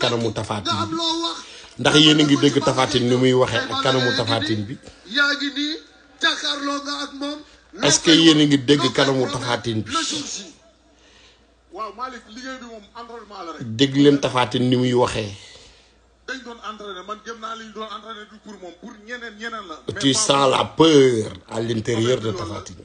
kanamu tafaatin bi ndax yéen a ngi dégg tafaatin ni muy waxee ak kanamu tafaatin bi est-ce que yéen a ngi dégg kanamu tafaatin bi waaw leen tafaatin ni muy waxee dañ doon entraîné man gëm la peur à l'intérieur de tafaatin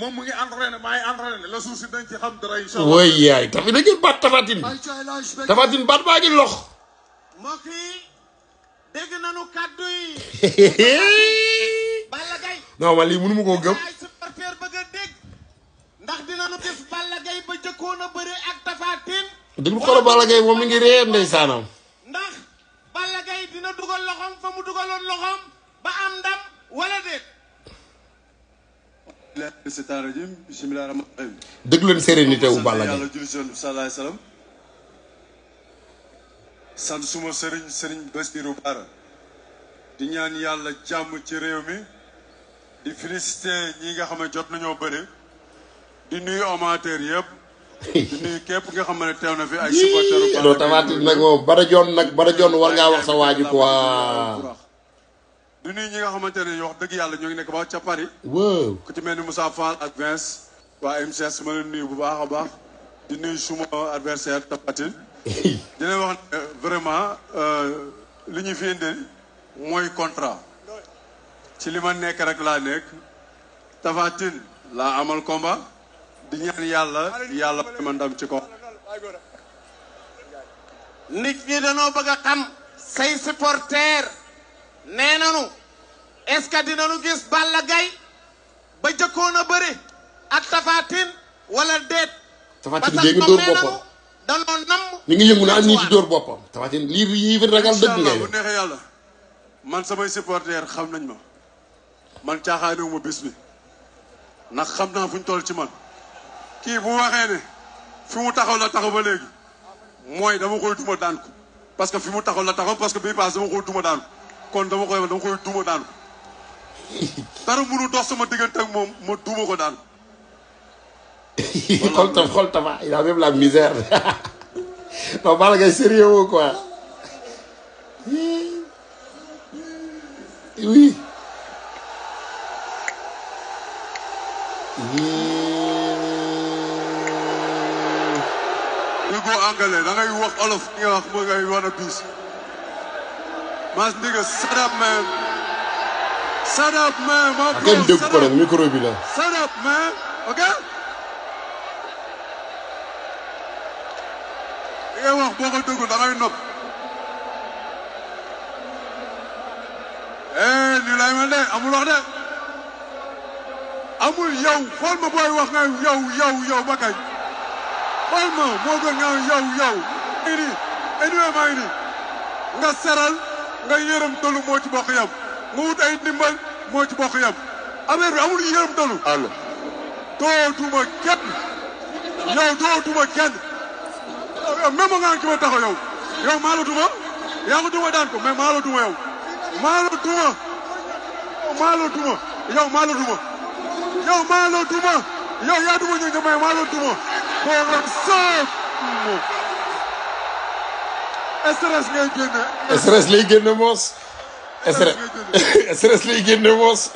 moom mu ngi entraîné maa ngi entraîné la suuf si dañ ci xam dara incha allah. waay yaay tamit dañuy baat tafatin bi tafatin baat baa ngi lox. mbokk yi dégg nañu kàddu yi. Balla Gaye. non man lii koo gëm. ndax dinañu gis Balla Gaye ba jëkkoon a bëri ak tafatin. déglu xoolal Balla Gaye moom mi ngi réer ndeysaanam. ndax Balla Gaye dina dugal loxoom fa mu dugaloon loxoom ba am ndam wala déet. dëgg leen sérénité wu Balla Gaye sant suma sëriñ sëriñ Bassirou Bara di ñaan yàlla jàmm ci réew mi di félicité ñi nga xam ne jot nañoo bëri di nuyu amateur yëpp di nuyu képp nga xam ne teew na fi ay supporteru Balla Gaye doo tamit oh, nag bara joon nag bara joon war ngaa wax sa waaju quoi du nuyu ñi nga xamante ne wax dëgg yàlla ñoo ngi nekk ba ca Paris. ku mel ni Moussa Fall ak Vince. waa MCS ma leen nuyu bu baax a baax. di nuyu suma adversaire Tapatine. dina wax ne vraiment euh, li ñu fi mooy contrat. ci li ma nekk rek laa nekk. Tapatine laa amal combat. di ñaan yàlla yàlla ma ndam ci ko nit danoo bëgg xam say supporter nee nanu est-ce que dinañu gis Balla Gaye ba jëkkoon a bari ak Tapha Tine wala déet. Tapha dóor boppam danoo nam. mi ngi yëngu naan ñii ci dóor boppam. Tapha Tine lii yii fi ragal dëgg ngay bu neexee yàlla man sama supporters xam nañ ma man caaxaanewu ma bis bi ndax xam naa fu toll ci man kii bu waxee ne fi mu taxaw la taxaw ba léegi mooy dama koy duma daan ko parce que fi mu taxaw la taxaw parce que bii paas dama koy duma daan ko kon dama koy dama duma daan dara mënu dox sama diggante ak moom ma duuma ko daal. xool tam xool tam ah, il a même la misère non Balla Gaye sérieux quoi. oui. déggoo anglais da ngay wax olof. nga wax nga ngay wan a bis. maa ngi Shut up man maa ko kenn dégg ko wax boo ko déggul nopp. nii eh, lay mel de amul wax de. amul yow xool ma booy wax nga yow yow yow ba kañ. xool ma moo gën nga yow yow. maa ngi nii nga seral nga yërëm tollu moo ci yam nga wut ay ndimbal moo ci bokk yam affaire bi amul yërëm dalu. allo. dootuma kenn yow dootuma kenn même nga ki ma taxaw yow yow maa la yaa ko duma daan ko mais maa la duma yow maa la duma maa la yaa duma ñëw mais maa la duma boo ko soob stress ngay génne stress lay génne moos SRS lay génne moos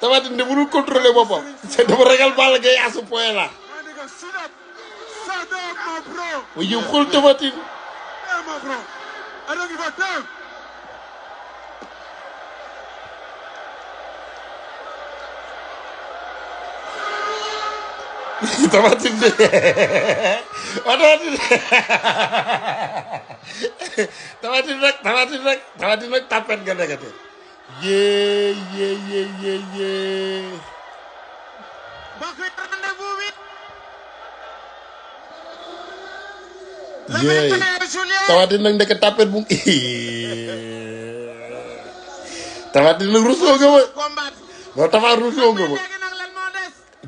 tamatine de mënul contrôler boppam dafa ragal Balla Gaye à ce point là waaye yow xool tamatine Tabatin deh. Tabatin. Tabatin rek, tabatin rek, tabatin rek tapen Ye ye ye ye ye. deket tapen bung. Mau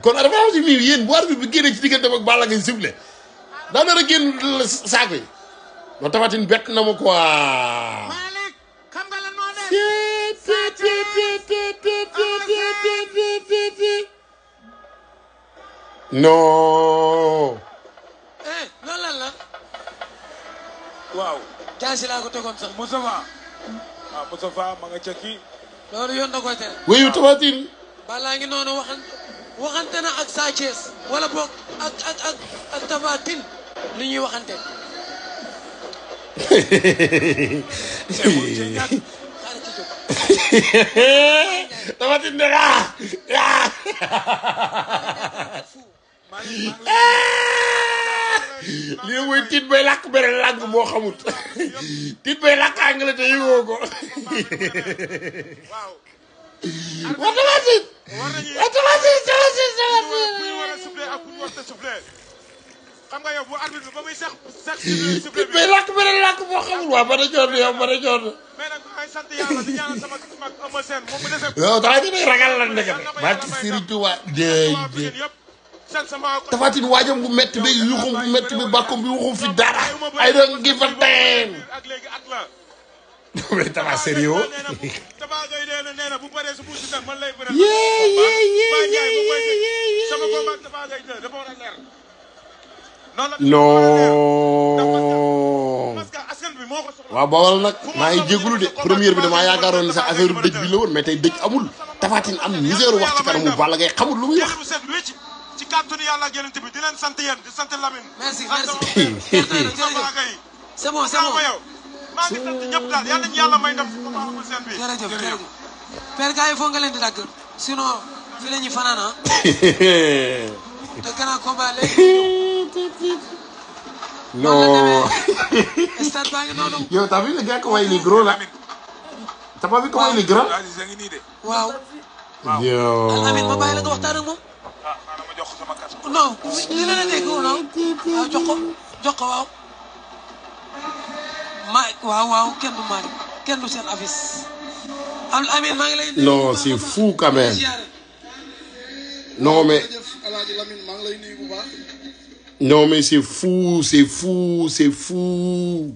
kon dafa am si miir yéen bu arbitre bi génnee ci diggante ak Balla Gaye sifflé daa nar a génn saako yi loolu Tapha Tine bett na ma quoi. non. loolu lan la. waaw. jaasi laa ko tegoon sax Moustapha. waaw Moustapha ma nga ca kii. loolu yoon da koy tere. wéyu Tapha Tine. balaa ngi noonu waxan. waxante na ak Sa Thiès wala boog ak ak ak ak Tapha Tine li waxante. Tapha Tine ne ah ah. lii mooy bay làkk beneen làng moo xamut tiit bay làkk anglais te yëngoo ko. watalaasin watalaasin salaasin salaasin xam nga yow bu arbitre ba muy sax sax mais làkk beneen làkk boo xamul waa bana joor yow bana joor mais nag ay sant yàlla di ñaanal sama mag Eumeu Sène moom mu dese yow daa gën a ragal la ndeke barke Serigne Touba déy déy tafatin waajam bu métti bi yuxum bu métti bi bàkkum bi waxum fi dara ay doon ngi fa teen ak léegi at la moom la Tapha Sérieux woo. Tapha Gueye nee na nee na bu paree bi moo maa ngi jégalu de première bi damaa yaakaaroon ne sax affaire dëj bi la woon mais tey dëj amul. Tapha Tine am misère wax ci kanamu Balla Gaye xamul lu muy wax. ci kàttanu yàlla ak yonent bi di leen sant yéen di sant Lamine. merci merci. c'est bon maa ngi sant ñëpp daal yal nañu yàlla may ndam si combat Eumeu Sène bi. jërëjëf jërëjëf père gars yi foog nga leen di dagg sinon fi la ñuy fanaan ah. te gannaaw combat léegi. non. stade baa ngi noonu. yow tamit le gars ko way li gros la. t'as pas vu comment il est grand. waaw. yow. Amine ma bàyyi la nga waxtaan ak moom. Ah, non li la la dégg non. Ah, jox ko jox ko waaw. ma waaw waaw kenn du Malick kenn du seen affiche. Amine maa ngi lay. non c'est fou quand même. non mais. non mais c'est fou c'est fou c'est fou.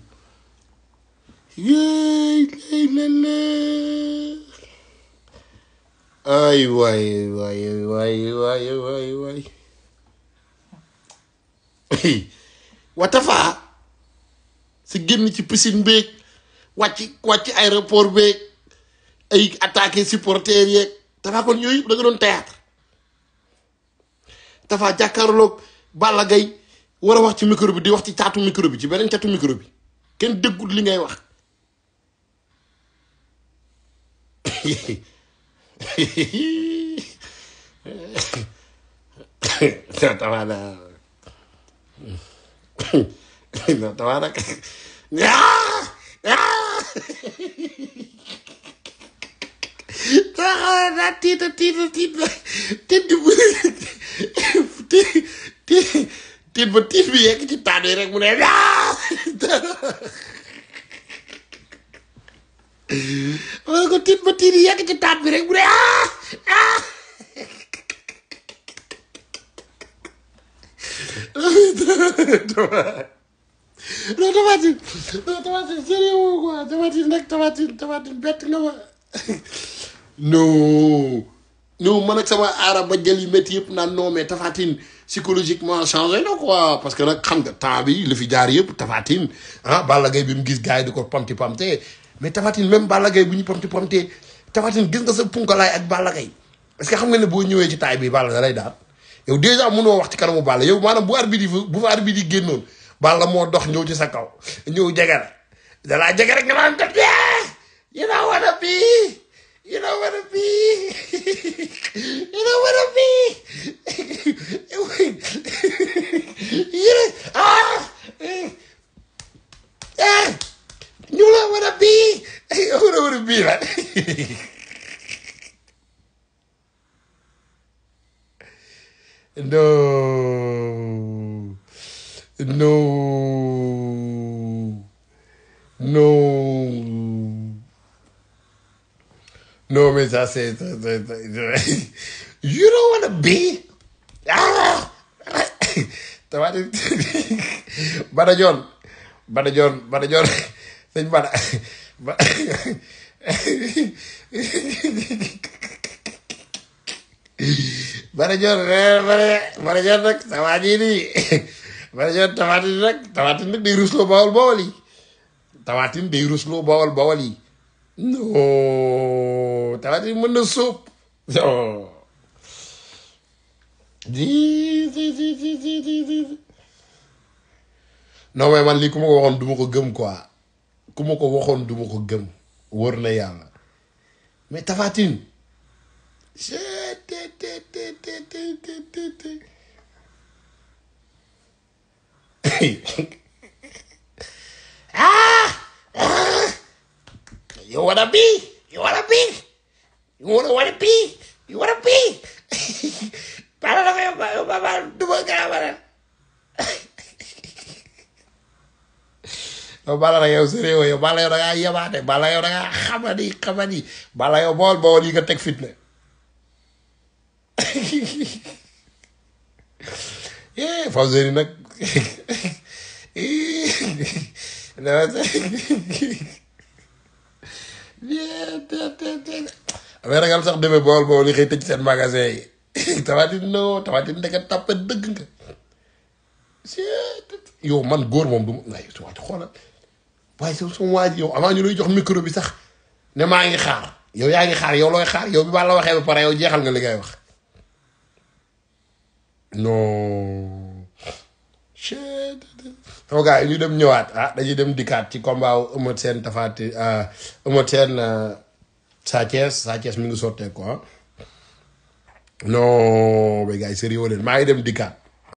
ay waay waay waay waay waay waay. Watafa. si génn ci piscine beeg wàcc wàcc aéroport beeg ay attaqué supporter yeeg dafa kon yooyu da nga doon théâtre dafa jàkkaarloog Balla gay war wax ci micro bi di wax ci taatu micro bi ci beneen taatu micro bi kenn déggut li ngay wax no te van a. ¡Ah! ¡Ah! daa tiita tiita tiita tiit bi tiit ba tiit bi yegg ci taan yi rek mu ne aa wala ko tiit ba tiit yi yegg ci taan bi rek mu ne aa aa non Tafatine non Tafatine nag Tafatine Tafatine bett nga ma non non man ak sama aara ba jël yu métti yëpp naan non mais Tafatine psychologiquement changé na quoi parce que nag xam nga temps bi li fi jaar yëpp Tafatine ah Balla Gaye bi mu gis gars yi di ko pamti pamte mais Tafatine même Balla Gaye bu ñu pamti pamte Tafatine gis nga sa punkalaay ak Balla Gaye est que xam nga ne boo ñëwee ci taay bi Balla da lay daal yow déjà mënoo wax ci kanamu Balla yow maanaam bu arbitre bu fa arbitre génnoon. balla moo dox ñëw ci sa kaw ñëw jege la dalaa rek nga naan ko you know what be you know what be you know what be you know ah eh, eh you know what be you know what be la no no Normans, I said, you don't want to be. Ah! Bada John, Bada John, Bada John, señ Bada. Bada John, Bada eh, John nag sama ji nii. Bada John tawatin nag, eh, tawatin nag day rusloo bawal bawal yi. Tawatin day bawal bawal non Tafatine mën na sóob non di di di di di non mais man lii ku ma ko waxoon du ma ko gëm quoi ku ma ko waxoon du ma ko gëm wër na yàlla mais Tafatine You wanna be? You wanna be? You wanna wanna be? You wanna be? Para na kayo, babal, dumaan ka naman. No oh, balayo seryo yo oh, balayo nga yamate balayo nga xamani xamani balayo bool bool yi nga teg fitne eh fawzeri nag eh, amee ragal sax demee bool bool yi xëy tëj seen magasin yi tawatin no tawatin ndeka tàppa dëgg nga yow man góor moom du ma waay xoolal waaye sa sama waa yow avant ñu lay jox micro bi sax ne maa ngi xaar yow yaa ngi xaar yow looy xaar yow bi ba la waxee ba pare yow jeexal nga li ngay wax non sama gars yi ñu dem ñëwaat ah dañuy dem dikkaat ci combat wu seen Sène Tapha Tine euh, Eumeu Sène euh, Sa Thiès Sa Thiès mi ngi sottee quoi ah. non mais gars yi sérieux leen maa ngi dem dikkaat.